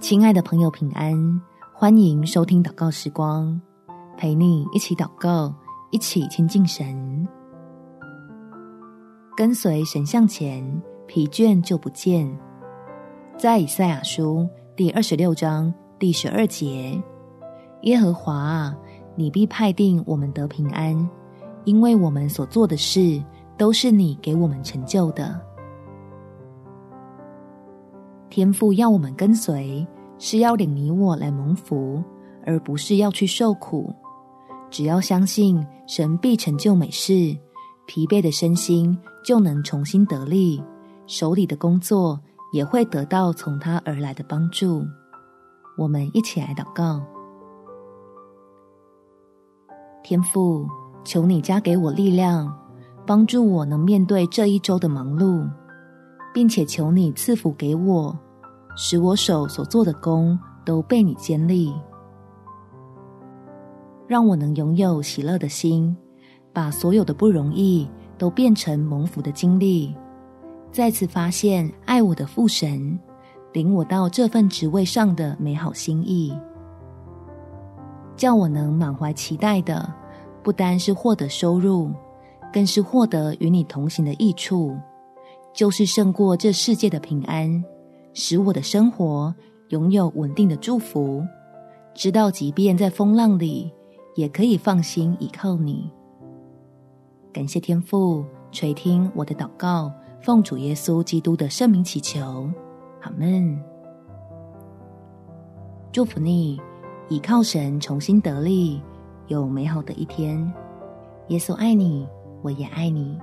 親愛的朋友，平安！歡迎收聽禱告時光，陪你一起禱告，一起親近神。跟隨神向前，疲倦就不見。在以賽亞書第二十六章第十二節，耶和華啊，你必派定我們得平安，因為我們所做的事，都是你給我們成就的。天父要我們跟隨，是要領你我來蒙福，而不是要去受苦。只要相信神必成就美事，疲憊的身心就能重新得力，手裡的工作也會得到從他而來的幫助。我們一起來禱告：天父，求你加給我力量，幫助我能面對這一周的忙碌。並且求你賜福給我，使我手所做的工都被你堅立，讓我能擁有喜樂的心，把所有的不容易都變成蒙福的經歷，再次發現愛我的父神領我到這份職位上的美好心意，叫我能滿懷期待的，不單是獲得收入，更是獲得與你同行的益處。就是勝過這世界的平安，使我的生活擁有穩定的祝福，知道即便在風浪裡，也可以放心倚靠你。感謝天父垂聽我的禱告，奉主耶穌基督的聖名祈求，阿們。祝福你，倚靠神重新得力，有美好的一天。耶穌愛你，我也愛你。